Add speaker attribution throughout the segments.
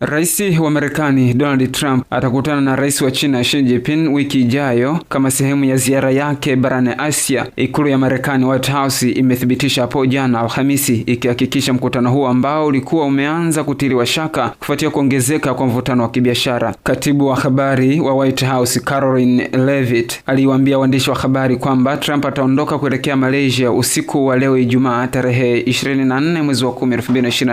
Speaker 1: Rais wa Marekani Donald Trump atakutana na rais wa China Xi Jinping wiki ijayo kama sehemu ya ziara yake barani Asia. Ikulu ya Marekani, White House, imethibitisha hapo jana Alhamisi, ikihakikisha mkutano huo ambao ulikuwa umeanza kutiliwa shaka kufuatia kuongezeka kwa mvutano wa kibiashara. Katibu wa habari wa White House Caroline Levitt aliwaambia waandishi wa habari kwamba Trump ataondoka kuelekea Malaysia usiku wa leo Ijumaa tarehe 24 mwezi wa 10,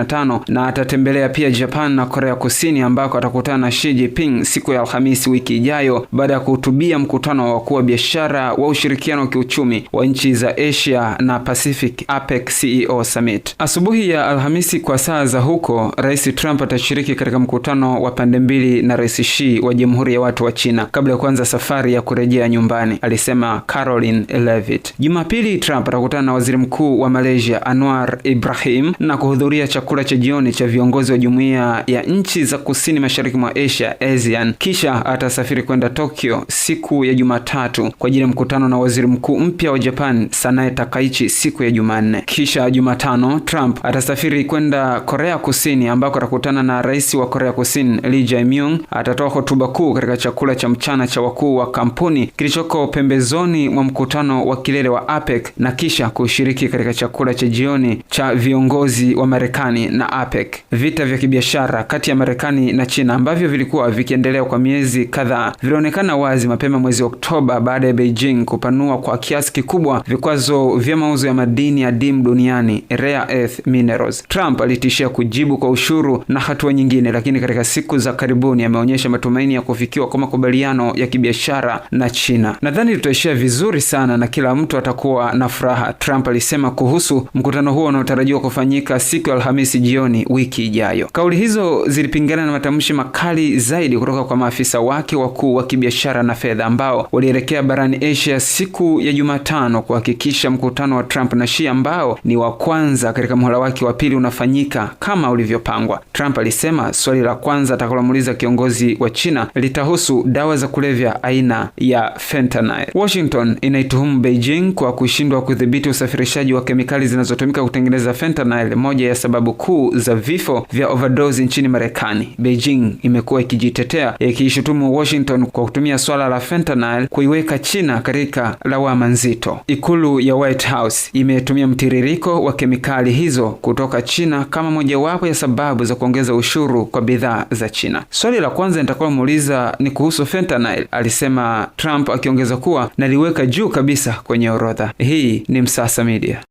Speaker 1: 2025 na atatembelea pia Japan na Korea Korea Kusini ambako atakutana na Xi Jinping siku ya Alhamisi wiki ijayo baada ya kuhutubia mkutano wa wakuu wa biashara wa ushirikiano wa kiuchumi wa nchi za Asia na Pacific APEC CEO Summit. Asubuhi ya Alhamisi kwa saa za huko, Rais Trump atashiriki katika mkutano wa pande mbili na Rais Xi wa Jamhuri ya Watu wa China kabla ya kuanza safari ya kurejea nyumbani, alisema Caroline Levitt. Jumapili Trump atakutana na Waziri Mkuu wa Malaysia Anwar Ibrahim na kuhudhuria chakula cha jioni cha viongozi wa jumuiya ya nchi za kusini mashariki mwa Asia ASEAN, kisha atasafiri kwenda Tokyo siku ya Jumatatu kwa ajili ya mkutano na waziri mkuu mpya wa Japan Sanae Takaichi siku ya Jumanne. Kisha Jumatano Trump atasafiri kwenda Korea Kusini ambako atakutana na rais wa Korea Kusini Lee Jae-myung. Atatoa hotuba kuu katika chakula cha mchana cha wakuu wa kampuni kilichoko pembezoni mwa mkutano wa kilele wa APEC na kisha kushiriki katika chakula cha jioni cha viongozi wa Marekani na APEC. Vita vya kibiashara kati ya Marekani na China ambavyo vilikuwa vikiendelea kwa miezi kadhaa vilionekana wazi mapema mwezi Oktoba baada ya Beijing kupanua kwa kiasi kikubwa vikwazo vya mauzo ya madini adimu duniani rare earth minerals. Trump alitishia kujibu kwa ushuru na hatua nyingine, lakini katika siku za karibuni ameonyesha matumaini ya kufikiwa kwa makubaliano ya kibiashara na China. Nadhani tutaishia vizuri sana na kila mtu atakuwa na furaha, Trump alisema kuhusu mkutano huo unaotarajiwa kufanyika siku ya Alhamisi jioni wiki ijayo. Kauli hizo zi zilipingana na matamshi makali zaidi kutoka kwa maafisa wake wakuu wa kibiashara na fedha ambao walielekea barani Asia siku ya Jumatano kuhakikisha mkutano wa Trump na Xi ambao ni wa kwanza katika muhula wake wa pili unafanyika kama ulivyopangwa. Trump alisema swali la kwanza atakalomuuliza kiongozi wa China litahusu dawa za kulevya aina ya fentanyl. Washington inaituhumu Beijing kwa kushindwa kudhibiti usafirishaji wa kemikali zinazotumika kutengeneza fentanyl, moja ya sababu kuu za vifo vya overdose nchini Marekani Marekani. Beijing imekuwa ikijitetea ikiishutumu Washington kwa kutumia swala la fentanyl kuiweka China katika lawama nzito. Ikulu ya White House imetumia mtiririko wa kemikali hizo kutoka China kama mojawapo ya sababu za kuongeza ushuru kwa bidhaa za China. Swali la kwanza nitakalomuuliza ni kuhusu fentanyl, alisema Trump, akiongeza kuwa naliweka juu kabisa kwenye orodha hii. Ni Msasa Media.